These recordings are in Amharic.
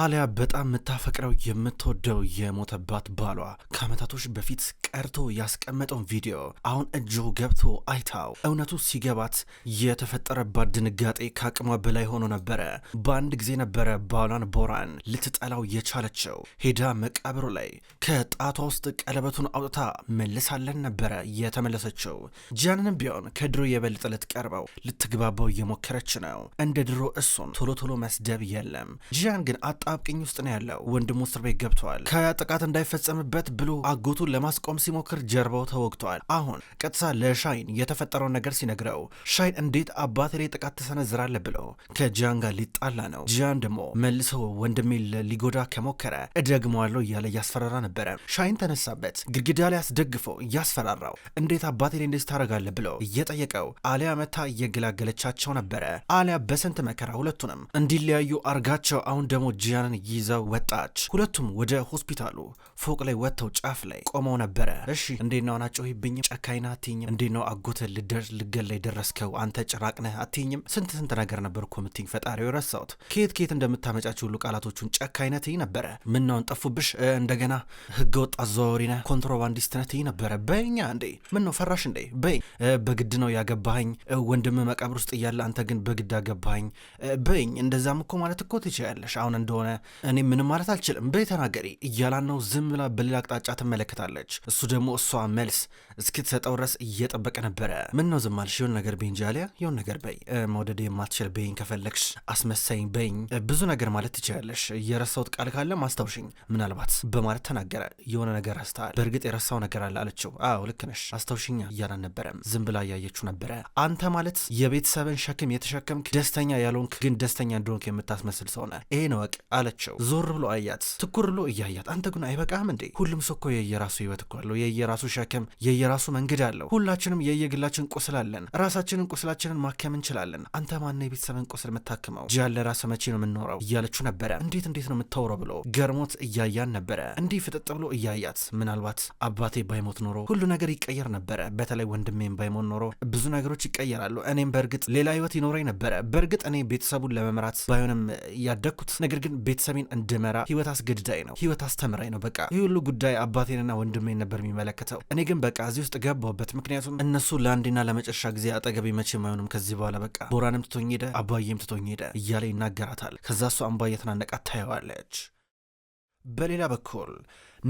አሊያ በጣም የምታፈቅረው የምትወደው የሞተባት ባሏ ከዓመታቶች በፊት ቀርቶ ያስቀመጠውን ቪዲዮ አሁን እጆ ገብቶ አይታው እውነቱ ሲገባት የተፈጠረባት ድንጋጤ ከአቅሟ በላይ ሆኖ ነበረ። በአንድ ጊዜ ነበረ ባሏን ቦራን ልትጠላው የቻለችው። ሄዳ መቃብሩ ላይ ከጣቷ ውስጥ ቀለበቱን አውጥታ መልሳለን ነበረ የተመለሰችው። ጃንንም ቢሆን ከድሮ የበለጠ ልትቀርበው ልትግባባው እየሞከረች ነው። እንደ ድሮ እሱን ቶሎ ቶሎ መስደብ የለም ጃን ግን አጣብቅኝ ውስጥ ነው ያለው። ወንድሙ እስር ቤት ገብተዋል። ጥቃት እንዳይፈጸምበት ብሎ አጎቱን ለማስቆም ሲሞክር ጀርባው ተወግቷል። አሁን ቀጥታ ለሻይን የተፈጠረውን ነገር ሲነግረው ሻይን እንዴት አባቴ ላይ ጥቃት ትሰነዝራለህ ብለው ከጂያን ጋር ሊጣላ ነው። ጂያን ደግሞ መልሶ ወንድሜ ሊጎዳ ከሞከረ እደግመዋለሁ እያለ እያስፈራራ ነበረ። ሻይን ተነሳበት። ግድግዳ ላይ አስደግፈው እያስፈራራው እንዴት አባቴ ላይ እንደዚህ ታደርጋለ ብለው እየጠየቀው አሊያ መታ እየገላገለቻቸው ነበረ። አሊያ በስንት መከራ ሁለቱንም እንዲለያዩ አርጋቸው። አሁን ደግሞ ጂያንን ይዛው ወጣች። ሁለቱም ወደ ሆስፒታሉ ፎቅ ላይ ወጥተው ጫፍ ላይ ቆመው ነበረ። እሺ እንዴት ነው አናጮህብኝም? ጨካኝና አትኝም? እንዴት ነው አጎተ ልደር ልገል ላይ ደረስከው? አንተ ጭራቅ ነህ አትኝም? ስንት ስንት ነገር ነበር እኮ የምትኝ። ፈጣሪው ረሳሁት። ከየት ከየት እንደምታመጫቸው ሁሉ ቃላቶቹን ጨካኝነህ ትኝ ነበረ። ምናውን ጠፉብሽ? እንደገና ህገወጥ አዘዋዋሪ ነህ፣ ኮንትሮባንዲስት ነህ ትኝ ነበረ። በኛ እንዴ ምን ነው ፈራሽ እንዴ? በይ በግድ ነው ያገባኸኝ ወንድም መቃብር ውስጥ እያለ አንተ ግን በግድ አገባኸኝ በይኝ። እንደዛም እኮ ማለት እኮ ትችያለሽ አሁን እንደሆነ እንደሆነ እኔ ምንም ማለት አልችልም በይ ተናገሪ እያላን ነው። ዝም ብላ በሌላ አቅጣጫ ትመለከታለች። እሱ ደግሞ እሷ መልስ እስክትሰጠው ድረስ እየጠበቀ ነበረ። ምን ነው ዝም አልሽ? የሆን ነገር ብኝ ጃሊያ፣ የሆን ነገር በይ። መውደድ የማትችል በይኝ፣ ከፈለግሽ አስመሳኝ በይኝ። ብዙ ነገር ማለት ትችላለሽ። የረሳሁት ቃል ካለ ማስታውሽኝ ምናልባት በማለት ተናገረ። የሆነ ነገር ረስተሃል፣ በእርግጥ የረሳው ነገር አለ አለችው። አዎ ልክ ነሽ፣ አስታውሽኛ እያላን ነበረ። ዝም ብላ እያየችው ነበረ። አንተ ማለት የቤተሰብን ሸክም የተሸከምክ ደስተኛ ያልሆንክ ግን ደስተኛ እንደሆንክ የምታስመስል ሰው ነህ። ይሄን እወቅ አለችው። ዞር ብሎ አያት፣ ትኩር ብሎ እያያት። አንተ ግን አይበቃም እንዴ? ሁሉም ሰው እኮ የየራሱ ህይወት እኮ አለው፣ የየራሱ ሸክም፣ የየራሱ መንገድ አለው። ሁላችንም የየግላችን ቁስል አለን። ራሳችንን ቁስላችንን ማከም እንችላለን። አንተ ማነው የቤተሰብን ቁስል የምታክመው? ጃለ ራስ መቼ ነው የምንኖረው? እያለችው ነበረ። እንዴት እንዴት ነው የምታውረው ብሎ ገርሞት እያያን ነበረ። እንዲህ ፍጥጥ ብሎ እያያት፣ ምናልባት አባቴ ባይሞት ኖሮ ሁሉ ነገር ይቀየር ነበረ። በተለይ ወንድሜም ባይሞት ኖሮ ብዙ ነገሮች ይቀየራሉ። እኔም በእርግጥ ሌላ ህይወት ይኖረኝ ነበረ። በእርግጥ እኔ ቤተሰቡን ለመምራት ባይሆንም ያደግኩት ነገር ግን ቤተሰቤን እንድመራ ህይወት አስገድዳይ ነው፣ ህይወት አስተምራይ ነው። በቃ ይህ ሁሉ ጉዳይ አባቴንና ወንድሜን ነበር የሚመለከተው። እኔ ግን በቃ እዚህ ውስጥ ገባሁበት፣ ምክንያቱም እነሱ ለአንዴና ለመጨረሻ ጊዜ አጠገቤ መቼም አይሆኑም ከዚህ በኋላ በቃ ቦራንም ትቶኝ ሄደ፣ አባዬም ትቶኝ ሄደ እያለ ይናገራታል። ከዛ እሷ እንባ እየተናነቃት ታየዋለች። በሌላ በኩል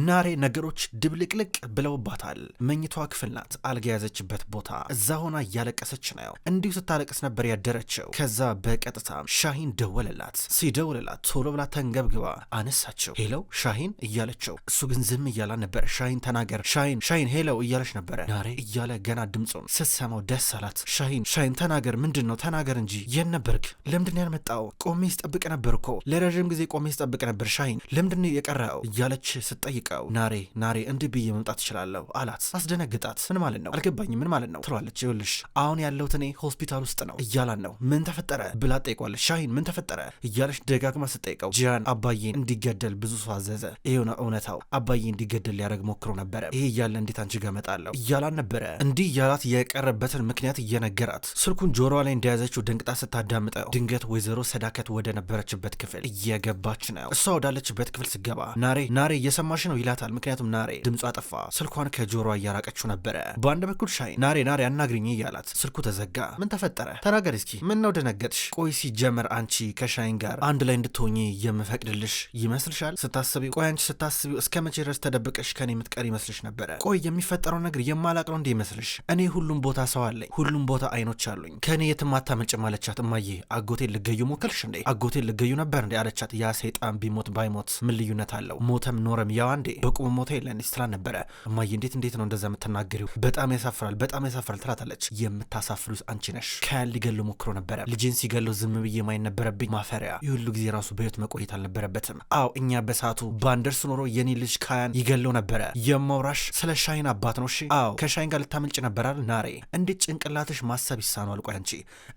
ናሬ ነገሮች ድብልቅልቅ ብለውባታል። መኝቷ ክፍል ናት፣ አልጋ የያዘችበት ቦታ። እዛ ሆና እያለቀሰች ነው። እንዲሁ ስታለቅስ ነበር ያደረችው። ከዛ በቀጥታ ሻሂን ደወለላት። ሲደውልላት ቶሎ ብላ ተንገብግባ አነሳችው። ሄለው ሻሂን እያለችው፣ እሱ ግን ዝም እያላ ነበር። ሻሂን ተናገር፣ ሻሂን ሻሂን ሄለው እያለች ነበረ። ናሬ እያለ ገና ድምፁን ስትሰማው ደስ አላት። ሻሂን ሻሂን ተናገር፣ ምንድን ነው ተናገር እንጂ የት ነበርክ? ለምንድን ያልመጣው? ቆሜ ስጠብቅ ነበር እኮ ለረዥም ጊዜ ቆሜ ስጠብቅ ነበር። ሻሂን ለምንድን የቀረው? እያለች ስጠይቅ ስትጠይቀው ናሬ ናሬ እንዲህ ብዬ መምጣት እችላለሁ አላት። አስደነግጣት። ምን ማለት ነው አልገባኝ ምን ማለት ነው ትሏለች። ይኸውልሽ አሁን ያለሁት እኔ ሆስፒታል ውስጥ ነው እያላን ነው። ምን ተፈጠረ ብላ ጠይቋለች ሻሂን ምን ተፈጠረ እያለች ደጋግማ ስጠይቀው ጂያን አባዬን እንዲገደል ብዙ ሰው አዘዘ። ይሄው ነው እውነታው። አባዬ እንዲገደል ሊያደርግ ሞክሮ ነበረ። ይሄ እያለ እንዴት አንቺ ጋር እመጣለሁ እያላን ነበረ። እንዲህ እያላት የቀረበትን ምክንያት እየነገራት ስልኩን ጆሮዋ ላይ እንደያዘችው ደንቅጣ ስታዳምጠው ድንገት ወይዘሮ ሰዳከት ወደ ነበረችበት ክፍል እየገባች ነው። እሷ ወዳለችበት ክፍል ስገባ ናሬ ናሬ እየሰማሽ ነው ይላታል። ምክንያቱም ናሬ ድምጿ አጠፋ ስልኳን ከጆሮ እያራቀችው ነበረ። በአንድ በኩል ሻይን ናሬ ናሬ አናግሪኝ እያላት ስልኩ ተዘጋ። ምን ተፈጠረ? ተናገር እስኪ ምን ነው ደነገጥሽ? ቆይ ሲጀመር አንቺ ከሻይን ጋር አንድ ላይ እንድትሆኚ የምፈቅድልሽ ይመስልሻል? ስታስቢው ቆይ አንቺ ስታስቢው እስከ መቼ ድረስ ተደብቀሽ ከኔ የምትቀር ይመስልሽ ነበረ? ቆይ የሚፈጠረው ነገር የማላቅ ነው እንዴ ይመስልሽ? እኔ ሁሉም ቦታ ሰው አለኝ፣ ሁሉም ቦታ አይኖች አሉኝ። ከእኔ የትም አታመጭም አለቻት። እማዬ አጎቴ ልገዩ ሞከልሽ እንዴ? አጎቴ ልገዩ ነበር እንዴ አለቻት። ያ ሰይጣን ቢሞት ባይሞት ምን ልዩነት አለው? ሞተም ኖረም ያዋን አንዴ በቁም ሞታ የለን ስትላ ነበረ። እማዬ እንዴት እንዴት ነው እንደዛ የምትናገሪው? በጣም ያሳፍራል፣ በጣም ያሳፍራል ትላታለች። የምታሳፍሪው አንቺ ነሽ። ከያል ሊገለው ሞክሮ ነበረ። ልጅን ሲገለው ዝም ብዬ ማየት ነበረብኝ። ማፈሪያ የሁሉ ጊዜ ራሱ በህይወት መቆየት አልነበረበትም። አዎ እኛ በሰዓቱ ባንደርስ ኖሮ የኔ ልጅ ካያን ይገለው ነበረ። የማውራሽ ስለ ሻይን አባት ነው። እሺ አዎ ከሻይን ጋር ልታመልጭ ነበራል። ናሬ እንዴት ጭንቅላትሽ ማሰብ ይሳነዋል? ቆይ አንቺ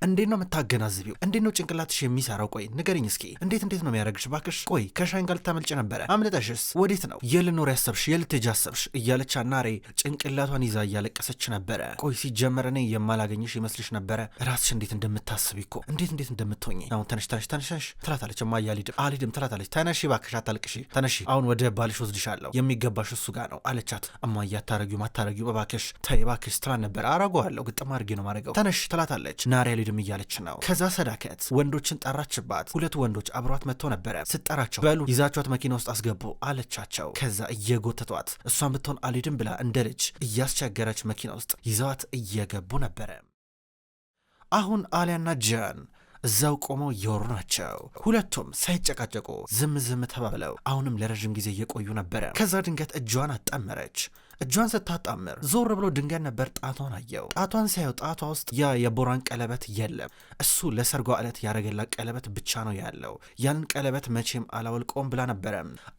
እንዴት ነው የምታገናዝቢው? እንዴት ነው ጭንቅላትሽ የሚሰራው? ቆይ ንገርኝ እስኪ እንዴት እንዴት ነው የሚያደርግሽ? ባክሽ ቆይ ከሻይን ጋር ልታመልጭ ነበረ፣ አምልጠሽስ ወዴት ነው? የልኖር ያሰብሽ የልትሄጂ ያሰብሽ እያለች አናሬ ጭንቅላቷን ይዛ እያለቀሰች ነበረ። ቆይ ሲጀመር እኔ የማላገኝሽ ይመስልሽ ነበረ? ራስሽ እንዴት እንደምታስብ እኮ እንዴት እንዴት እንደምትሆኝ አሁን ተነሽ ተነሽ ተነሽ ትላታለች። እማ አልሄድም አልሄድም ትላታለች። ተነሽ እባክሽ አታልቅሽ፣ ተነሽ አሁን ወደ ባልሽ ወስድሻለሁ የሚገባሽ እሱ ጋር ነው አለቻት። እማ እያታረጊው ማታረጊው እባክሽ ተይ እባክሽ ትላን ነበረ። አረገዋለሁ ግጥም አድርጌ ነው ማድረገው ተነሽ ትላታለች። ናሬ አልሄድም እያለች ነው። ከዛ ሰዳከት ወንዶችን ጠራችባት። ሁለቱ ወንዶች አብሯት መጥተው ነበረ። ስጠራቸው በሉ ይዛችኋት መኪና ውስጥ አስገቡ አለቻቸው። ከዛ እየጎተቷት እሷን ብትሆን አልሄድም ብላ እንደ ልጅ እያስቸገረች መኪና ውስጥ ይዘዋት እየገቡ ነበረ። አሁን አሊያና ጃን እዛው ቆመው እየወሩ ናቸው። ሁለቱም ሳይጨቃጨቁ ዝም ዝም ተባብለው አሁንም ለረዥም ጊዜ እየቆዩ ነበረ። ከዛ ድንገት እጇን አጣመረች። እጇን ስታጣምር ዞር ብሎ ድንገት ነበር ጣቷን አየው። ጣቷን ሲያየው ጣቷ ውስጥ ያ የቦራን ቀለበት የለም። እሱ ለሰርጓ ዕለት ያደረገላት ቀለበት ብቻ ነው ያለው። ያንን ቀለበት መቼም አላወልቆም ብላ ነበረ።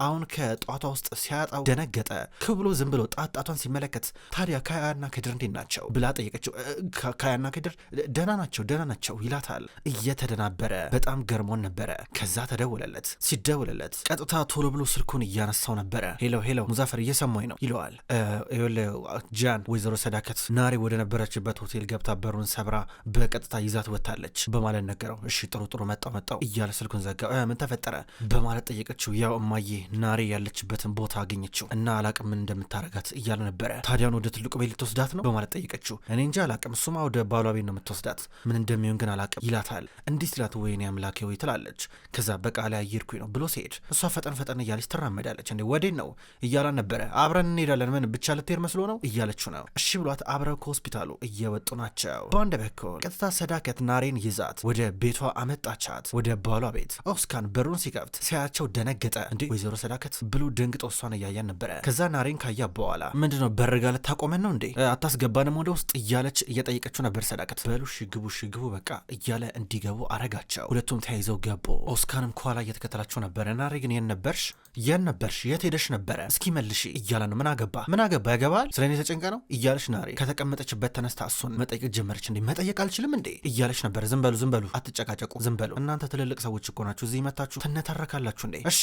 አሁን ከጧቷ ውስጥ ሲያጣው ደነገጠ። ክብሎ ዝም ብሎ ጣጣቷን ሲመለከት ታዲያ ካያና ክድር እንዴት ናቸው ብላ ጠየቀችው። ካያና ክድር ደህና ናቸው ደህና ናቸው ይላታል እየተደናበረ። በጣም ገርሞን ነበረ። ከዛ ተደውለለት። ሲደውለለት ቀጥታ ቶሎ ብሎ ስልኩን እያነሳው ነበረ። ሄሎ ሄሎ፣ ሙዛፈር እየሰማኝ ነው ይለዋል። ጃን ወይዘሮ ሰዳከት ናሬ ወደ ነበረችበት ሆቴል ገብታ በሩን ሰብራ በቀጥታ ይዛት ወታለች በማለት ነገረው። እሺ ጥሩ ጥሩ መጣው መጣው እያለ ስልኩን ዘጋ። ምን ተፈጠረ በማለት ጠየቀችው። ያው እማዬ ናሬ ያለችበትን ቦታ አገኘችው እና አላቅም ምን እንደምታረጋት እያለ ነበረ። ታዲያን ወደ ትልቁ ቤት ልትወስዳት ነው በማለት ጠየቀችው። እኔ እንጂ አላቅም፣ እሱማ ወደ ባሏ ቤት ነው የምትወስዳት፣ ምን እንደሚሆን ግን አላቅም ይላታል። እንዲህ ስላት ወይኔ አምላኬ ወይ ትላለች። ከዛ በቃ ላይ አየርኩኝ ነው ብሎ ሲሄድ እሷ ፈጠን ፈጠን እያለች ትራመዳለች። እንዴ ወዴን ነው እያላን ነበረ። አብረን እንሄዳለን ምን ብቻ ልትሄድ መስሎ ነው እያለችው ነው። እሺ ብሏት አብረው ከሆስፒታሉ እየወጡ ናቸው። በአንድ በኩል ቀጥታ ሰዳከት ናሬን ይዛት ወደ ቤቷ አመጣቻት። ወደ ባሏ ቤት ኦስካን በሩን ሲከፍት ሲያያቸው ደነገጠ። እንዴ ወይዘሮ ሰዳከት ብሎ ደንግጦ እሷን እያያን ነበረ። ከዛ ናሬን ካያ በኋላ ምንድነው በርጋ ልታቆመን ነው እንዴ አታስገባንም ወደ ውስጥ እያለች እየጠየቀችው ነበር። ሰዳከት በሉ ሽግቡ ሽግቡ በቃ እያለ እንዲገቡ አረጋቸው። ሁለቱም ተያይዘው ገቡ። ኦስካንም ከኋላ እየተከተላቸው ነበረ። ናሬ ግን ነበርሽ የት ነበርሽ? የት ሄደሽ ነበረ? እስኪ መልሽ እያለ ነው። ምን አገባ ምን አገባ ያገባል። ስለ እኔ ተጨንቀ ነው እያለች ናሬ ከተቀመጠችበት ተነስታ እሱን መጠየቅ ጀመረች። እንዴ መጠየቅ አልችልም እንዴ እያለች ነበረ። ዝም በሉ ዝም በሉ፣ አትጨቃጨቁ፣ ዝም በሉ እናንተ ትልልቅ ሰዎች እኮ ናችሁ። እዚህ መታችሁ ትነታረካላችሁ እንዴ? እሺ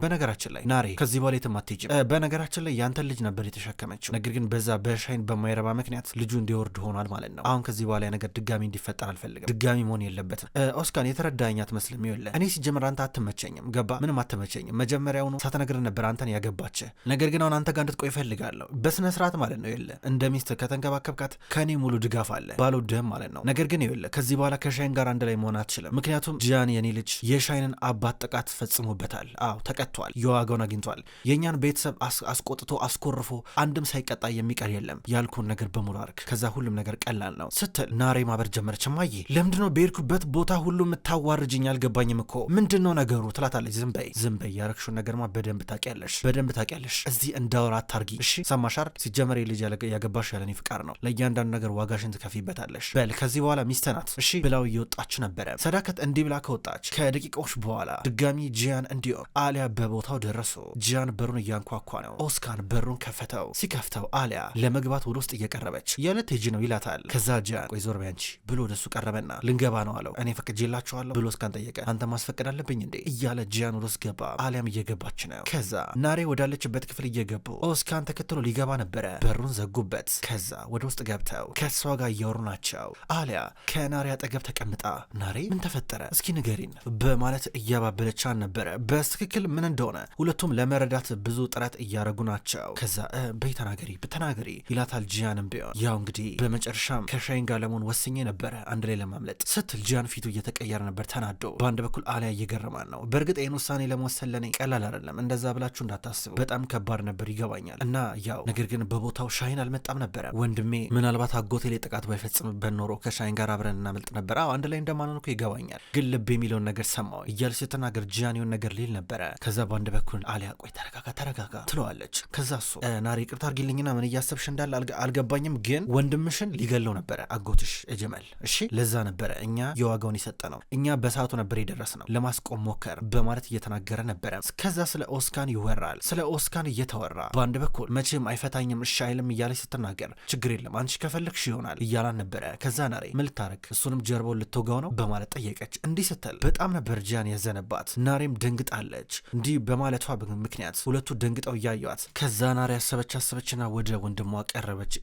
በነገራችን ላይ ናሬ ከዚህ በኋላ የትም አትሄጂም። በነገራችን ላይ ያንተን ልጅ ነበር የተሸከመችው። ነገር ግን በዛ በሻይን በማይረባ ምክንያት ልጁ እንዲወርድ ሆኗል ማለት ነው። አሁን ከዚህ በኋላ ነገር ድጋሚ እንዲፈጠር አልፈልግም። ድጋሚ መሆን የለበትም። ኦስካን የተረዳኛት አትመስልም። ይኸውልህ እኔ ሲጀምር አንተ አትመቸኝም። ገባ ምንም አትመቸኝም መጀመሪያውኑ ነው ሳትነግረን ነበር አንተን ያገባች። ነገር ግን አሁን አንተ ጋር እንድትቆይ እፈልጋለሁ በስነ ስርዓት ማለት ነው። የለ እንደ ሚስት ከተንከባከብካት ከእኔ ሙሉ ድጋፍ አለ ባልወድህም ማለት ነው። ነገር ግን የለ ከዚህ በኋላ ከሻይን ጋር አንድ ላይ መሆን አትችልም። ምክንያቱም ጂያን የኔ ልጅ የሻይንን አባት ጥቃት ፈጽሞበታል። አዎ ተቀጥቷል፣ የዋጋውን አግኝቷል። የእኛን ቤተሰብ አስቆጥቶ አስኮርፎ አንድም ሳይቀጣ የሚቀር የለም። ያልኩን ነገር በሙሉ አርክ። ከዛ ሁሉም ነገር ቀላል ነው ስትል ናሬ ማበር ጀመረች። እማዬ ለምንድነው በሄድኩበት ቦታ ሁሉ የምታዋርጅኝ? አልገባኝም እኮ ምንድን ነው ነገሩ? ትላታለች። ዝም በይ ዝም በይ ያረግሽውን ነገር ከተማ በደንብ ታውቂያለሽ፣ በደንብ ታውቂያለሽ። እዚህ እንዳወራ አታርጊ። እሺ ሰማሻር? ሲጀመር የልጅ ያገባሽ ያለኔ ፍቃድ ነው። ለእያንዳንዱ ነገር ዋጋሽን ትከፊበታለሽ። በል ከዚህ በኋላ ሚስት ናት እሺ ብላው እየወጣች ነበረ። ሰዳከት እንዲህ ብላ ከወጣች ከደቂቃዎች በኋላ ድጋሚ ጂያን እንዲሁም አሊያ በቦታው ደረሱ። ጂያን በሩን እያንኳኳ ነው። ኦስካን በሩን ከፈተው። ሲከፍተው አሊያ ለመግባት ወደ ውስጥ እየቀረበች ያለ ቴጂ ነው ይላታል። ከዛ ጂያን ቆይ ዞር ቢያንቺ ብሎ ወደሱ ቀረበና ልንገባ ነው አለው። እኔ ፈቅጄላችኋለሁ ብሎ ኦስካን ጠየቀ። አንተ ማስፈቀድ አለብኝ እንዴ እያለ ጂያን ወደ ውስጥ ገባ። አሊያም እየገባ እየገባች ነው። ከዛ ናሬ ወዳለችበት ክፍል እየገቡ ኦስካን ተከትሎ ሊገባ ነበረ። በሩን ዘጉበት። ከዛ ወደ ውስጥ ገብተው ከእሷ ጋር እያወሩ ናቸው። አሊያ ከናሬ አጠገብ ተቀምጣ ናሬ ምን ተፈጠረ እስኪ ንገሪን በማለት እያባበለቻ ነበረ። በትክክል ምን እንደሆነ ሁለቱም ለመረዳት ብዙ ጥረት እያደረጉ ናቸው። ከዛ በይ ተናገሪ ብተናገሪ ይላታል። ጂያንም ቢሆን ያው እንግዲህ በመጨረሻም ከሻይን ጋር ለመሆን ወስኜ ነበረ አንድ ላይ ለማምለጥ ስትል ጂያን ፊቱ እየተቀየረ ነበር ተናዶ። በአንድ በኩል አሊያ እየገረማን ነው። በእርግጥ ይህን ውሳኔ ለመወሰን ለኔ ቀላል አይደለም፣ እንደዛ ብላችሁ እንዳታስቡ። በጣም ከባድ ነበር ይገባኛል። እና ያው ነገር ግን በቦታው ሻይን አልመጣም ነበረ። ወንድሜ ምናልባት አጎቴ ላይ ጥቃት ባይፈጽምበት ኖሮ ከሻይን ጋር አብረን እናመልጥ ነበረ። አዎ አንድ ላይ እንደማንሆን እኮ ይገባኛል፣ ግን ልብ የሚለውን ነገር ሰማው እያል ስትናገር ጂያን ነገር ሊል ነበረ። ከዛ በአንድ በኩል አሊያ ቆይ ተረጋጋ ተረጋጋ ትለዋለች። ከዛ እሱ ናሬ ይቅርታ አርጊልኝና ምን እያሰብሽ እንዳለ አልገባኝም፣ ግን ወንድምሽን ሊገለው ነበረ አጎትሽ እጅመል። እሺ ለዛ ነበረ እኛ የዋጋውን የሰጠ ነው። እኛ በሰዓቱ ነበር የደረስ ነው ለማስቆም ሞከር በማለት እየተናገረ ነበረ። ከዛ ስለ ኦስካን ይወራል። ስለ ኦስካን እየተወራ በአንድ በኩል መቼም አይፈታኝም እሺ አይልም እያለች ስትናገር ችግር የለም አንቺ ከፈለግሽ ይሆናል እያላን ነበረ። ከዛ ናሬ ምን ልታረግ እሱንም ጀርባውን ልትወጋው ነው በማለት ጠየቀች። እንዲህ ስትል በጣም ነበር ጂያን ያዘነባት። ናሬም ደንግጣለች። እንዲህ በማለቷ ምክንያት ሁለቱ ደንግጠው እያዩዋት። ከዛ ናሬ ያሰበች አሰበችና ወደ ወንድሟ ቀረበች።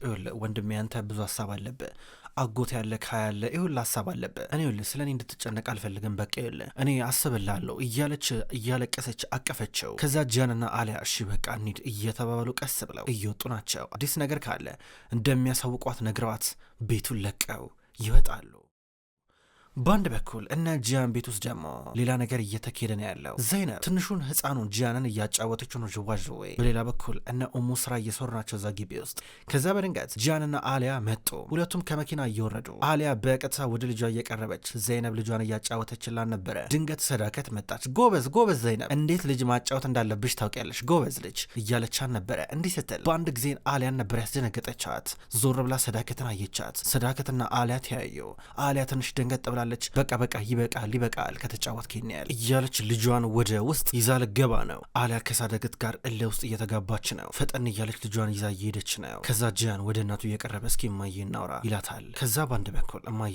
ወንድሜ አንተ ብዙ ሀሳብ አለብህ አጎት ያለ ካያለ ይሁል ሀሳብ አለበት። እኔ ሁል ስለ እኔ እንድትጨነቅ አልፈልግም። በቃ ይሁል እኔ አስብላለሁ እያለች እያለቀሰች አቀፈችው። ከዛ ጃንና አሊያ እሺ በቃ እንሂድ እየተባባሉ ቀስ ብለው እየወጡ ናቸው። አዲስ ነገር ካለ እንደሚያሳውቋት ነግረዋት ቤቱን ለቀው ይወጣሉ። በአንድ በኩል እነ ጂያን ቤት ውስጥ ደግሞ ሌላ ነገር እየተካሄደ ነው ያለው። ዘይነብ ትንሹን ህፃኑን ጂያንን እያጫወተችው ነው ዥዋዥዌ። በሌላ በኩል እነ ኡሙ ስራ እየሰሩ ናቸው እዛ ግቢ ውስጥ። ከዛ በድንገት ጂያንና አሊያ መጡ። ሁለቱም ከመኪና እየወረዱ አሊያ በቀጥታ ወደ ልጇ እየቀረበች ዘይነብ ልጇን እያጫወተችላን ነበረ። ድንገት ሰዳከት መጣች። ጎበዝ ጎበዝ ዘይነብ፣ እንዴት ልጅ ማጫወት እንዳለብሽ ታውቂያለሽ፣ ጎበዝ ልጅ እያለቻን ነበረ። እንዲህ ስትል በአንድ ጊዜን አሊያን ነበር ያስደነገጠቻት። ዞር ብላ ሰዳከትን አየቻት። ሰዳከትና አሊያ ተያዩ። አሊያ ትንሽ ደንገጥ ብላ ትላለች። በቃ በቃ ይበቃል ይበቃል ከተጫወት ኬንያል እያለች ልጇን ወደ ውስጥ ይዛ ልገባ ነው። አሊያ ከሳደግት ጋር እለ ውስጥ እየተጋባች ነው። ፈጠን እያለች ልጇን ይዛ እየሄደች ነው። ከዛ ጂያን ወደ እናቱ እየቀረበ እስኪ እማዬ እናውራ ይላታል። ከዛ በአንድ በኩል እማዬ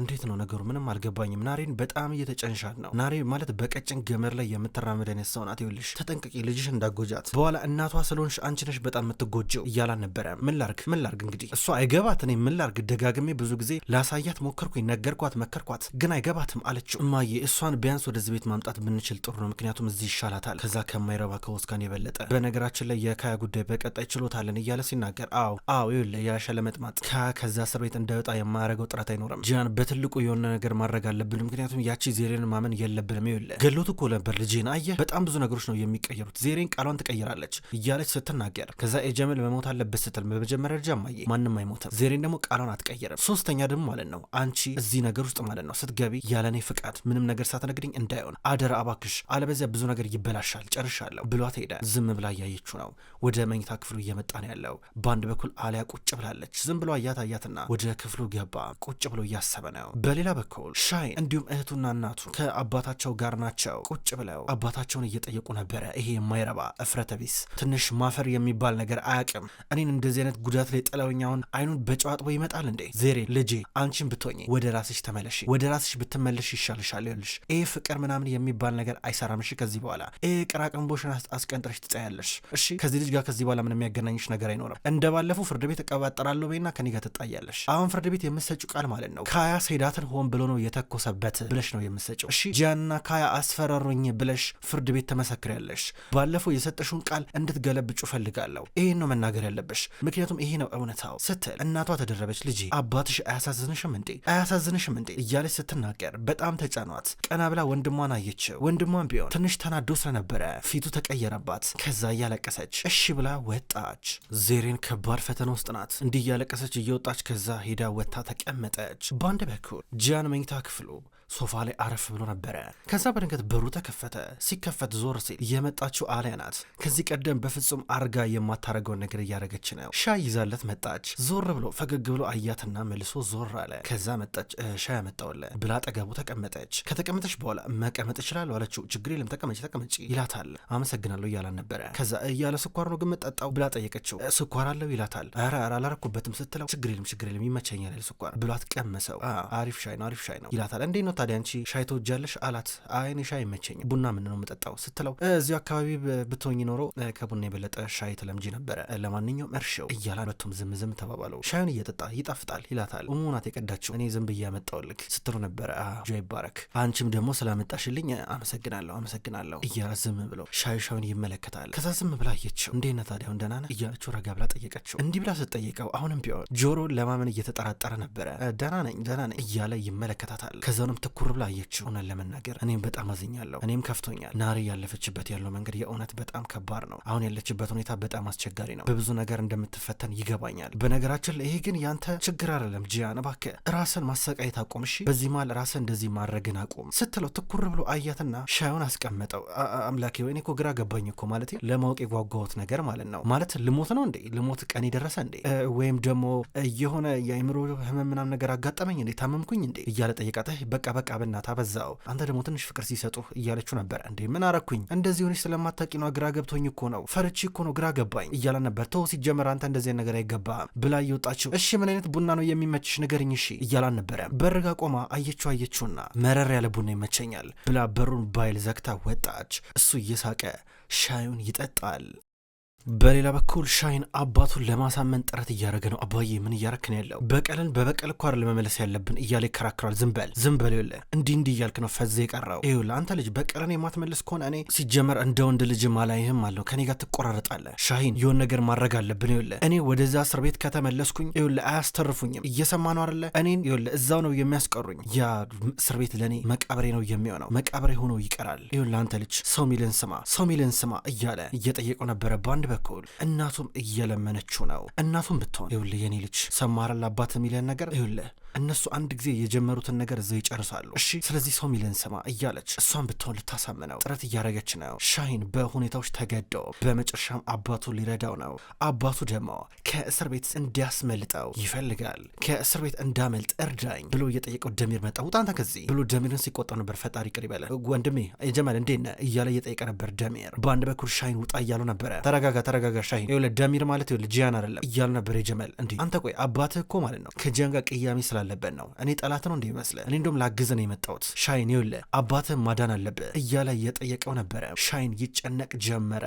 እንዴት ነው ነገሩ? ምንም አልገባኝም። ናሬን በጣም እየተጨንሻል ነው። ናሬ ማለት በቀጭን ገመድ ላይ የምትራመድ አይነት ሰው ናት። ይኸውልሽ ተጠንቀቂ፣ ልጅሽ እንዳጎጃት በኋላ እናቷ ስለሆንሽ አንቺ ነሽ በጣም የምትጎጀው እያላ ነበረ። ምን ላርግ ምን ላርግ እንግዲህ እሷ አይገባት እኔ ምን ላርግ። ደጋግሜ ብዙ ጊዜ ላሳያት ሞከርኩኝ፣ ነገርኳት፣ መከር ሞከርኳት፣ ግን አይገባትም አለችው። እማዬ እሷን ቢያንስ ወደዚህ ቤት ማምጣት ብንችል ጥሩ ነው፣ ምክንያቱም እዚህ ይሻላታል ከዛ ከማይረባ ከወስካን የበለጠ። በነገራችን ላይ የካያ ጉዳይ በቀጣይ ችሎታለን እያለ ሲናገር፣ አዎ አዎ፣ ይኸውልህ ያሸለመጥማጥ ከ ከዛ እስር ቤት እንዳይወጣ የማያረገው ጥረት አይኖርም። ጂናን በትልቁ የሆነ ነገር ማድረግ አለብን፣ ምክንያቱም ያቺ ዜሬን ማመን የለብንም። ይኸውልህ ገሎት እኮ ነበር ልጄን። አየህ በጣም ብዙ ነገሮች ነው የሚቀየሩት። ዜሬን ቃሏን ትቀይራለች እያለች ስትናገር፣ ከዛ ኤጀመል መሞት አለበት ስትል በመጀመሪያ ደረጃ ማየ ማንም አይሞትም፣ ዜሬን ደግሞ ቃሏን አትቀይርም። ሶስተኛ ደግሞ ማለት ነው አንቺ እዚህ ነገር ውስጥ ማለት ነው። ስትገቢ ያለኔ ፍቃድ ምንም ነገር ሳትነግድኝ እንዳይሆን አደራ አባክሽ፣ አለበዚያ ብዙ ነገር ይበላሻል፣ ጨርሻለሁ ብሏት ሄደ። ዝም ብላ እያየችው ነው። ወደ መኝታ ክፍሉ እየመጣ ነው ያለው። በአንድ በኩል አሊያ ቁጭ ብላለች። ዝም ብሎ አያት አያትና ወደ ክፍሉ ገባ። ቁጭ ብሎ እያሰበ ነው። በሌላ በኩል ሻይ እንዲሁም እህቱና እናቱ ከአባታቸው ጋር ናቸው። ቁጭ ብለው አባታቸውን እየጠየቁ ነበረ። ይሄ የማይረባ እፍረተ ቢስ ትንሽ ማፈር የሚባል ነገር አያቅም። እኔን እንደዚህ አይነት ጉዳት ላይ ጥለውኛውን አይኑን በጨዋጥቦ ይመጣል እንዴ? ዜሬ ልጄ፣ አንቺን ብትሆኚ ወደ ራስሽ ተመለሽ ወደ ራስሽ ብትመለሽ ይሻልሻል። ይልሽ ይህ ፍቅር ምናምን የሚባል ነገር አይሰራምሽ ከዚህ በኋላ ይህ ቅራቅንቦሽን አስቀንጥረሽ ትጸያለሽ። እሺ ከዚህ ልጅ ጋር ከዚህ በኋላ ምን የሚያገናኝሽ ነገር አይኖርም። እንደ ባለፈው ፍርድ ቤት እቀባጠራለሁ በይና ከኔ ጋር ትጣያለሽ። አሁን ፍርድ ቤት የምሰጭው ቃል ማለት ነው ካያ ሰይዳትን ሆን ብሎ ነው የተኮሰበት ብለሽ ነው የምሰጭው። እሺ ጂያና ካያ አስፈራሩኝ ብለሽ ፍርድ ቤት ተመሰክሪያለሽ። ባለፈው የሰጠሽውን ቃል እንድትገለብጩ ፈልጋለሁ። ይህን ነው መናገር ያለብሽ፣ ምክንያቱም ይሄ ነው እውነታው ስትል እናቷ ተደረበች። ልጄ አባትሽ አያሳዝንሽም እንዴ? አያሳዝንሽም እንዴ? እያለች ስትናገር በጣም ተጫኗት። ቀና ብላ ወንድሟን አየችው። ወንድሟን ቢሆን ትንሽ ተናዶ ስለነበረ ፊቱ ተቀየረባት። ከዛ እያለቀሰች እሺ ብላ ወጣች። ዜሬን ከባድ ፈተና ውስጥ ናት። እንዲህ እያለቀሰች እየወጣች ከዛ ሄዳ ወጥታ ተቀመጠች። በአንድ በኩል ጂያን መኝታ ክፍሉ ሶፋ ላይ አረፍ ብሎ ነበረ። ከዛ በድንገት በሩ ተከፈተ። ሲከፈት ዞር ሲል የመጣችው አሊያ ናት። ከዚህ ቀደም በፍጹም አርጋ የማታረገውን ነገር እያደረገች ነው። ሻይ ይዛለት መጣች። ዞር ብሎ ፈገግ ብሎ አያትና መልሶ ዞር አለ። ከዛ መጣች። ሻይ ያመጣውለ ብላ አጠገቡ ተቀመጠች። ከተቀመጠች በኋላ መቀመጥ እችላለሁ አለችው። ችግር የለም ተቀመጭ ተቀመጭ ይላታል። አመሰግናለሁ እያላን ነበረ። ከዛ እያለ ስኳር ነው ግን መጠጣው ብላ ጠየቀችው። ስኳር አለው ይላታል። ኧረ ኧረ አላረኩበትም ስትለው ችግር የለም ችግር የለም ይመቸኛል ስኳር ብሏት ቀመሰው። አሪፍ ሻይ ነው አሪፍ ሻይ ነው ይላታል። እንዴት ነው ታዲያ አንቺ ሻይ ትወጃለሽ አላት። አይኔ ሻይ አይመቸኝም ቡና ምን ነው የምጠጣው ስትለው እዚሁ አካባቢ ብትሆኝ ኖሮ ከቡና የበለጠ ሻይ ትለምጂ ነበረ። ለማንኛውም እርሸው እያላ ሁለቱም ዝም ዝም ተባባለው። ሻዩን እየጠጣ ይጣፍጣል ይላታል። ሙናት የቀዳችው እኔ ዝም ብዬ ያመጣውልክ ስትሉ ነበረ። ጆ ይባረክ፣ አንቺም ደግሞ ስላመጣሽልኝ አመሰግናለሁ አመሰግናለሁ እያላ ዝም ብለው ሻዩ ሻዩን ይመለከታል። ከዛ ዝም ብላ አየችው። እንዴት ነህ ታዲያውን ደህና ነህ እያለችው ረጋ ብላ ጠየቀችው። እንዲህ ብላ ስትጠይቀው አሁንም ቢሆን ጆሮ ለማመን እየተጠራጠረ ነበረ። ደህና ነኝ ደህና ነኝ እያለ ይመለከታታል። ከዛውንም ትኩር ብላ አየችው። እውነት ለመናገር እኔም በጣም አዝኛለሁ፣ እኔም ከፍቶኛል። ናሪ ያለፈችበት ያለው መንገድ የእውነት በጣም ከባድ ነው። አሁን ያለችበት ሁኔታ በጣም አስቸጋሪ ነው። በብዙ ነገር እንደምትፈተን ይገባኛል። በነገራችን ላይ ይሄ ግን ያንተ ችግር አይደለም ጂያን፣ እባክህ ራስን ማሰቃየት አቁም እሺ፣ በዚህ መሃል ራስን እንደዚህ ማድረግን አቁም ስትለው ትኩር ብሎ አያትና ሻዩን አስቀመጠው። አምላኬ ወይኔ እኮ ግራ ገባኝ እኮ ማለት ለማወቅ የጓጓሁት ነገር ማለት ነው ማለት ልሞት ነው እንዴ ልሞት ቀን የደረሰ እንዴ ወይም ደግሞ የሆነ የአይምሮ ህመም ምናምን ነገር አጋጠመኝ እንዴ ታመምኩኝ እንዴ እያለ ጠየቃት። በቃ በቃ በእናትህ አበዛው፣ አንተ ደግሞ ትንሽ ፍቅር ሲሰጡህ እያለችው ነበር። እንዴ ምን አረኩኝ? እንደዚህ ሆነች ስለማታውቂ ነው። ግራ ገብቶኝ እኮ ነው፣ ፈርቼ እኮ ነው፣ ግራ ገባኝ እያለ ነበር። ተው ሲጀመር አንተ እንደዚህ ነገር አይገባም ብላ እየወጣችው፣ እሺ ምን አይነት ቡና ነው የሚመችሽ ንገርኝ እሺ እያላን ነበረ። በርጋ ቆማ አየችው፣ አየችውና መረር ያለ ቡና ይመቸኛል ብላ በሩን ባይል ዘግታ ወጣች። እሱ እየሳቀ ሻዩን ይጠጣል። በሌላ በኩል ሻይን አባቱን ለማሳመን ጥረት እያደረገ ነው። አባዬ ምን እያረክ ነው ያለው? በቀልን በበቀል እኳር ለመመለስ ያለብን እያለ ይከራከራል። ዝምበል ዝምበል ዝም በል ይለ እንዲህ እንዲህ እያልክ ነው ፈዘ የቀረው ይኸውልህ፣ ለአንተ ልጅ በቀልን የማትመልስ ከሆነ እኔ ሲጀመር እንደ ወንድ ልጅ ማላይህም አለው። ከኔ ጋር ትቆራረጣለ። ሻይን የሆን ነገር ማድረግ አለብን። ይኸውልህ፣ እኔ ወደዛ እስር ቤት ከተመለስኩኝ ይኸውልህ፣ አያስተርፉኝም። እየሰማ ነው አለ እኔን ይኸውልህ፣ እዛው ነው የሚያስቀሩኝ። ያ እስር ቤት ለእኔ መቃብሬ ነው የሚሆነው። መቃብሬ ሆኖ ይቀራል። ይኸውልህ፣ ለአንተ ልጅ ሰው ሚልን ስማ፣ ሰው ሚልን ስማ እያለ እየጠየቀው ነበረ በአንድ በኩል እናቱም እየለመነችው ነው። እናቱም ብትሆን ይኸውልህ የኔ ልጅ ሰማራል አባት የሚለን ነገር ይኸውልህ እነሱ አንድ ጊዜ የጀመሩትን ነገር እዛ ይጨርሳሉ። እሺ ስለዚህ ሰው ሚልን ስማ እያለች እሷን ብትሆን ልታሳምነው ጥረት እያደረገች ነው። ሻሂን በሁኔታዎች ተገደው በመጨረሻም አባቱ ሊረዳው ነው። አባቱ ደግሞ ከእስር ቤት እንዲያስመልጠው ይፈልጋል። ከእስር ቤት እንዳመልጥ እርዳኝ ብሎ እየጠየቀው ደሚር መጣ። ውጣንተ ከዚህ ብሎ ደሚርን ሲቆጣው ነበር። ፈጣሪ ቅር ይበለ ወንድሜ የጀመል እንዴነ እያለ እየጠየቀ ነበር ደሚር። በአንድ በኩል ሻሂን ውጣ እያሉ ነበረ። ተረጋጋ ተረጋጋ ሻሂን ይኸውልህ ደሚር ማለት ይኸውልህ ጂያን አይደለም እያሉ ነበር የጀመል። እንዴ አንተ ቆይ አባትህ እኮ ማለት ነው ከጂያን ጋር ቅያሜ ስላ ስላለበት ነው። እኔ ጠላት ነው እንዲህ ይመስልህ? እኔ እንደውም ላግዝ ነው የመጣሁት። ሻይን ይውለ አባትህ ማዳን አለብህ እያለ እየጠየቀው ነበረ። ሻይን ይጨነቅ ጀመረ።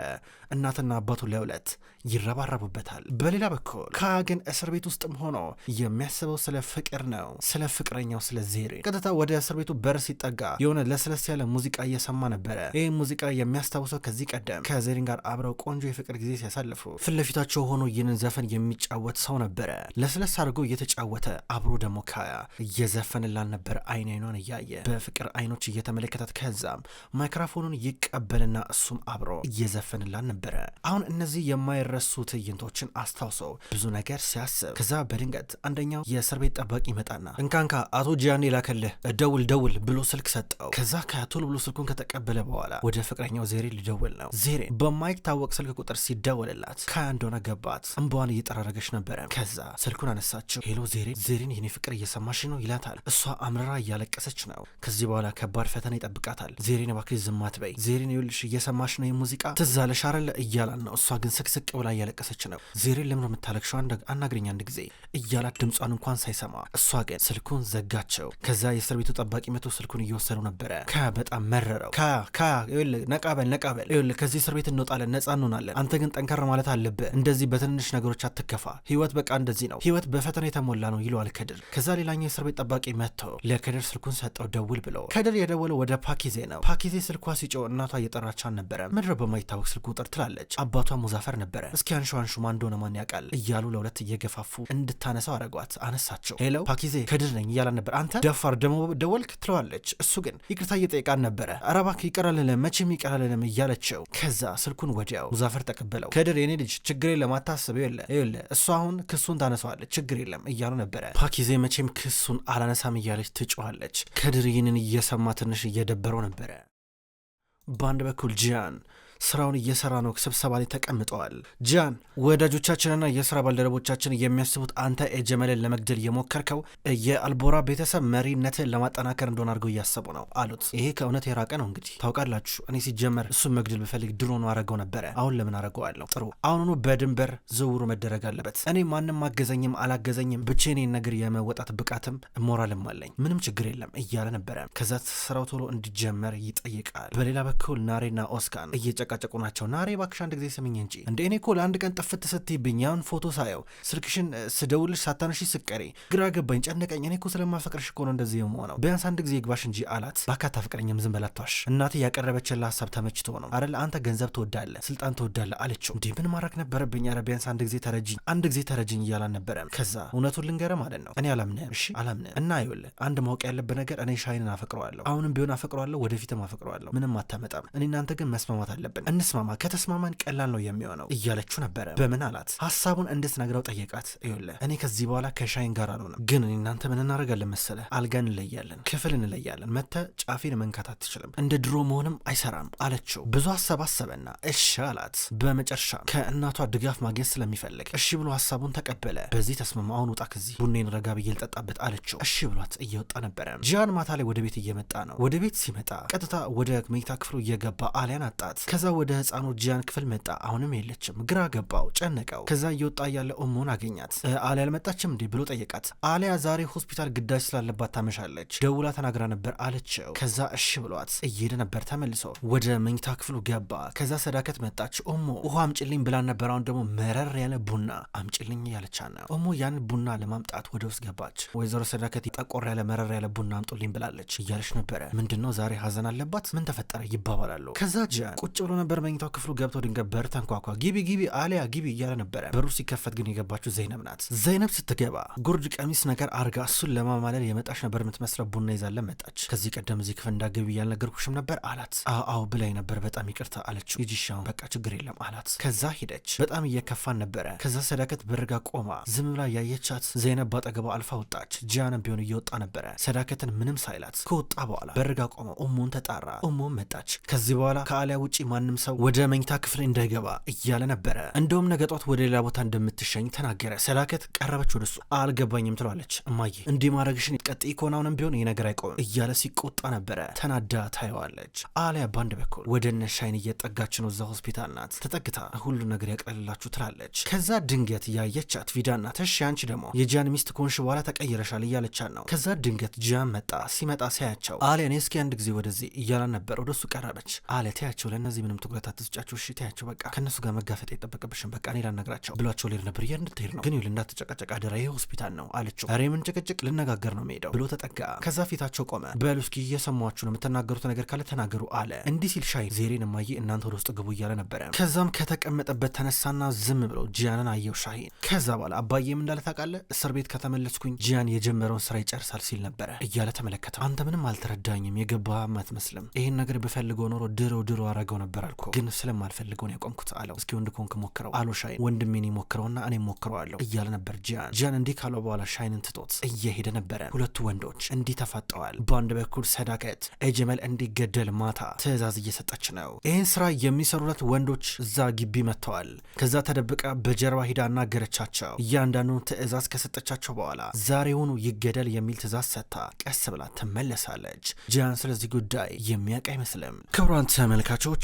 እናትና አባቱ ለሁለት ይረባረቡበታል። በሌላ በኩል ካ ግን እስር ቤት ውስጥም ሆኖ የሚያስበው ስለ ፍቅር ነው፣ ስለ ፍቅረኛው ስለ ዜሬ። ቀጥታ ወደ እስር ቤቱ በር ሲጠጋ የሆነ ለስለስ ያለ ሙዚቃ እየሰማ ነበረ። ይህ ሙዚቃ የሚያስታውሰው ከዚህ ቀደም ከዜሬን ጋር አብረው ቆንጆ የፍቅር ጊዜ ሲያሳልፉ ፊት ለፊታቸው ሆኖ ይህንን ዘፈን የሚጫወት ሰው ነበረ። ለስለስ አድርጎ እየተጫወተ አብሮ ደግሞ ካያ እየዘፈንላል ነበር። አይን አይኗን እያየ በፍቅር አይኖች እየተመለከታት ከዛም ማይክራፎኑን ይቀበልና እሱም አብሮ እየዘፈንላል ነበረ። አሁን እነዚህ የማይረ የሚረሱ ትዕይንቶችን አስታውሶ ብዙ ነገር ሲያስብ ከዛ በድንገት አንደኛው የእስር ቤት ጠባቂ ይመጣና እንካንካ አቶ ጂያኔ ላከልህ ደውል ደውል ብሎ ስልክ ሰጠው። ከዛ ከቶል ብሎ ስልኩን ከተቀበለ በኋላ ወደ ፍቅረኛው ዜሬ ሊደውል ነው። ዜሬ በማይታወቅ ስልክ ቁጥር ሲደወልላት ከያ እንደሆነ ገባት። እንባዋን እየጠራረገች ነበረ። ከዛ ስልኩን አነሳችው። ሄሎ ዜሬ፣ ዜሬን የኔ ፍቅር እየሰማሽ ነው ይላታል። እሷ አምረራ እያለቀሰች ነው። ከዚህ በኋላ ከባድ ፈተና ይጠብቃታል። ዜሬን እባክሽ ዝም አትበይ፣ ዜሬን ይኸውልሽ እየሰማሽ ነው የሙዚቃ ትዝ አለሽ አይደል እያላን ነው። እሷ ግን ስቅስቅ ብላ እያለቀሰች ነው። ዜሬን ለምን የምታለቅሸው? አናግረኝ አንድ ጊዜ እያላት ድምጿን እንኳን ሳይሰማ እሷ ግን ስልኩን ዘጋቸው። ከዛ የእስር ቤቱ ጠባቂ መቶ ስልኩን እየወሰደው ነበረ። ከ በጣም መረረው። ከ ከ ነቃበል ነቃበል ከዚህ እስር ቤት እንወጣለን፣ ነጻ እንሆናለን። አንተ ግን ጠንከር ማለት አለብህ። እንደዚህ በትንንሽ ነገሮች አትከፋ። ህይወት በቃ እንደዚህ ነው፣ ህይወት በፈተና የተሞላ ነው ይለዋል ከድር። ከዛ ሌላኛው የእስር ቤት ጠባቂ መጥቶ ለከድር ስልኩን ሰጠው፣ ደውል ብለው። ከድር የደወለው ወደ ፓኪዜ ነው። ፓኪዜ ስልኳ ሲጮ እናቷ እየጠራች አልነበረ። ምድር በማይታወቅ ስልክ ቁጥር ትላለች። አባቷ ሙዛፈር ነበረ። እስኪ አንሹ አንሹ እንደሆነ ማን ያውቃል እያሉ ለሁለት እየገፋፉ እንድታነሳው አረጓት። አነሳቸው። ሄለው ፓኪዜ ከድር ነኝ እያላን ነበር። አንተ ደፋር ደሞ ደወልክ ትለዋለች። እሱ ግን ይቅርታ እየጠየቃን ነበረ። ኧረ እባክህ መቼም ይቀራልለም እያለቸው፣ ከዛ ስልኩን ወዲያው ሙዛፈር ተቀበለው። ከድር የኔ ልጅ ችግር የለም አታስብ፣ የለ የለ እሱ አሁን ክሱን ታነሳዋለች ችግር የለም እያሉ ነበረ። ፓኪዜ መቼም ክሱን አላነሳም እያለች ትጮዋለች ከድር ይህንን እየሰማ ትንሽ እየደበረው ነበረ። በአንድ በኩል ጂያን ስራውን እየሰራ ነው። ስብሰባ ላይ ተቀምጠዋል። ጃን ወዳጆቻችንና የስራ ባልደረቦቻችን የሚያስቡት አንተ ኤጀመልን ለመግደል የሞከርከው የአልቦራ ቤተሰብ መሪነትን ለማጠናከር እንደሆነ አድርገው እያሰቡ ነው አሉት። ይሄ ከእውነት የራቀ ነው። እንግዲህ ታውቃላችሁ፣ እኔ ሲጀመር እሱን መግደል ብፈልግ ድሮ ነው አረገው ነበረ። አሁን ለምን አረገዋለሁ? ጥሩ፣ አሁኑኑ በድንበር ዝውውሩ መደረግ አለበት። እኔ ማንም አገዘኝም አላገዘኝም ብቼኔን ነገር የመወጣት ብቃትም ሞራልም አለኝ። ምንም ችግር የለም እያለ ነበረ። ከዛ ስራው ቶሎ እንዲጀመር ይጠይቃል። በሌላ በኩል ናሬና ኦስካን እየጨ እየተጨቃጨቁ ናቸው። ናሬ ባክሽ አንድ ጊዜ ስሚኝ እንጂ እንደ እኔ እኮ ለአንድ ቀን ጥፍት ስትይብኝ ያን ፎቶ ሳየው ስልክሽን ስደውልሽ ሳታነሺ ስቀሬ ግራ ገባኝ፣ ጨነቀኝ። እኔ እኮ ስለማፈቅርሽ እኮ ነው እንደዚህ የምሆነው። ቢያንስ አንድ ጊዜ ግባሽ እንጂ አላት። ባካታ ፍቅረኛም ዝም በላቷሽ እናቴ ያቀረበችልህ ሀሳብ ተመችቶ ነው አረ ለአንተ ገንዘብ ትወዳለህ፣ ስልጣን ትወዳለህ አለችው። እንዲህ ምን ማድረግ ነበረብኝ? አረ ቢያንስ አንድ ጊዜ ተረጅኝ፣ አንድ ጊዜ ተረጅኝ እያላን ነበረ። ከዛ እውነቱን ልንገረ ማለት ነው እኔ አላምንም። እሺ አላምንህም። እና ይኸውልህ አንድ ማወቅ ያለብህ ነገር እኔ ሻይንን አፈቅረዋለሁ፣ አሁንም ቢሆን አፈቅረዋለሁ፣ ወደፊትም አፈቅረዋለሁ። ምንም አታመጣም። እኔ እናንተ ግን መስማማት አለብን። አለብን፣ እንስማማ። ከተስማማን ቀላል ነው የሚሆነው እያለችው ነበረ። በምን አላት፣ ሀሳቡን እንድትነግረው ጠየቃት። ይኸውልህ እኔ ከዚህ በኋላ ከሻይን ጋር አልሆንም፣ ግን እናንተ ምን እናደርጋለን መሰለ፣ አልጋ እንለያለን፣ ክፍል እንለያለን። መተ ጫፌን መንካት አትችልም፣ እንደ ድሮ መሆንም አይሰራም አለችው። ብዙ ሀሳብ አሰበና እሺ አላት። በመጨረሻ ከእናቷ ድጋፍ ማግኘት ስለሚፈልግ እሺ ብሎ ሀሳቡን ተቀበለ። በዚህ ተስማማ። አሁን ውጣ ከዚህ ቡኔን ረጋ ብዬ ልጠጣበት አለችው። እሺ ብሏት እየወጣ ነበረ። ጂያን ማታ ላይ ወደ ቤት እየመጣ ነው። ወደ ቤት ሲመጣ ቀጥታ ወደ መኝታ ክፍሉ እየገባ አሊያን አጣት። ከዛ ከዛ ወደ ህፃኑ ጂያን ክፍል መጣ። አሁንም የለችም። ግራ ገባው፣ ጨነቀው። ከዛ እየወጣ ያለ ኦሞን አገኛት። አሊያ አልመጣችም እንዴ ብሎ ጠየቃት። አሊያ ዛሬ ሆስፒታል ግዳጅ ስላለባት ታመሻለች፣ ደውላ ተናግራ ነበር አለችው። ከዛ እሺ ብሏት እየሄደ ነበር። ተመልሶ ወደ መኝታ ክፍሉ ገባ። ከዛ ሰዳከት መጣች። ኦሞ ውሃ አምጭልኝ ብላን ነበር። አሁን ደግሞ መረር ያለ ቡና አምጭልኝ እያለቻ ነው። ኦሞ ያን ቡና ለማምጣት ወደ ውስጥ ገባች። ወይዘሮ ሰዳከት ጠቆር ያለ መረር ያለ ቡና አምጡልኝ ብላለች እያለች ነበረ። ምንድነው ዛሬ ሀዘን አለባት? ምን ተፈጠረ ይባባላሉ። ከዛ ጂያን ቁጭ ብሎ ነበር። መኝታው ክፍሉ ገብተው ድንገት በር ተንኳኳ። ጊቢ ጊቢ አሊያ ጊቢ እያለ ነበረ። በሩ ሲከፈት ግን የገባችው ዘይነብ ናት። ዘይነብ ስትገባ ጉርድ ቀሚስ ነገር አርጋ እሱን ለማማለል የመጣች ነበር የምትመስለው። ቡና ይዛለን መጣች። ከዚህ ቀደም እዚህ ክፍል እንዳገቢ እያልነገርኩሽም ነበር አላት። አዎ ብላይ ነበር። በጣም ይቅርታ አለችው። ይጂሻውን በቃ ችግር የለም አላት። ከዛ ሄደች። በጣም እየከፋን ነበረ። ከዛ ሰዳከት በርጋ ቆማ ዝም ብላ ያየቻት ዘይነብ ባጠገባ አልፋ ወጣች። ጂያንም ቢሆን እየወጣ ነበረ። ሰዳከትን ምንም ሳይላት ከወጣ በኋላ በርጋ ቆማ እሙን ተጣራ። እሙን መጣች። ከዚህ በኋላ ከአሊያ ውጪ ማን ማንም ሰው ወደ መኝታ ክፍል እንዳይገባ እያለ ነበረ። እንደውም ነገ ጧት ወደ ሌላ ቦታ እንደምትሸኝ ተናገረ። ሰላከት ቀረበች ወደሱ። አልገባኝም ትሏለች። እማዬ እንዲህ ማድረግሽን ቀጥይ ከሆነ አሁንም ቢሆን ይህ ነገር አይቆምም እያለ ሲቆጣ ነበረ። ተናዳ ታየዋለች። አሊያ ባንድ በኩል ወደ እነ ሻይን እየጠጋች ነው። እዛ ሆስፒታል ናት። ተጠግታ ሁሉ ነገር ያቅለልላችሁ ትላለች። ከዛ ድንገት ያየቻት ቪዳ ቪዳና ተሽ አንቺ ደግሞ የጂያን ሚስት ኮንሽ በኋላ ተቀይረሻል እያለቻት ነው። ከዛ ድንገት ጂያን መጣ። ሲመጣ ሲያያቸው አሊያ እኔ እስኪ አንድ ጊዜ ወደዚህ እያላን ነበር። ወደሱ ቀረበች። አሊያ ተያቸው ለእነዚህ ምን ምንም ትኩረት አትስጫቸው፣ እሺ ተያቸው፣ በቃ ከእነሱ ጋር መጋፈጥ የጠበቀብሽን በቃ እኔ ላናግራቸው ብሏቸው ሌር ነበር የት እንድትሄድ ነው ግን ይኸውልህ፣ እንዳትጨቀጨቅ አደራ፣ ይህ ሆስፒታል ነው አለችው። ኧረ የምን ጭቅጭቅ ልነጋገር ነው የምሄደው ብሎ ተጠጋ። ከዛ ፊታቸው ቆመ። በሉ እስኪ እየሰማችሁ ነው የምትናገሩት ነገር ካለ ተናገሩ አለ። እንዲህ ሲል ሻይ ዜሬን እማዬ እናንተ ወደ ውስጥ ግቡ እያለ ነበረ። ከዛም ከተቀመጠበት ተነሳና ዝም ብሎ ጂያንን አየው ሻይን። ከዛ በኋላ አባዬም እንዳለ ታውቃለህ እስር ቤት ከተመለስኩኝ ጂያን የጀመረውን ስራ ይጨርሳል ሲል ነበረ እያለ ተመለከተው። አንተ ምንም አልተረዳኝም፣ የገባህም አትመስልም። ይህን ነገር ብፈልገው ኖሮ ድሮ ድሮ አረገው ነበር አልኩ፣ ግን ስለማልፈልገውን ያቆምኩት አለው። እስኪ ወንድ ኮንክ ሞክረው አለው ሻይን። ወንድሜን ይሞክረውና እኔ ሞክረዋለሁ እያለ ነበር ጂያን። ጂያን እንዲህ ካለው በኋላ ሻይንን ትቶት እየሄደ ነበረ። ሁለቱ ወንዶች እንዲህ ተፋጠዋል። በአንድ በኩል ሰዳከት ኤጅመል እንዲገደል ማታ ትዕዛዝ እየሰጠች ነው። ይህን ስራ የሚሰሩለት ወንዶች እዛ ግቢ መጥተዋል። ከዛ ተደብቃ በጀርባ ሂዳ አናገረቻቸው። እያንዳንዱን ትዕዛዝ ከሰጠቻቸው በኋላ ዛሬውኑ ይገደል የሚል ትዕዛዝ ሰጥታ ቀስ ብላ ትመለሳለች። ጂያን ስለዚህ ጉዳይ የሚያውቅ አይመስልም። ክቡራን ተመልካቾች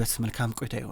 ድረስ መልካም ቆይታ ይሆን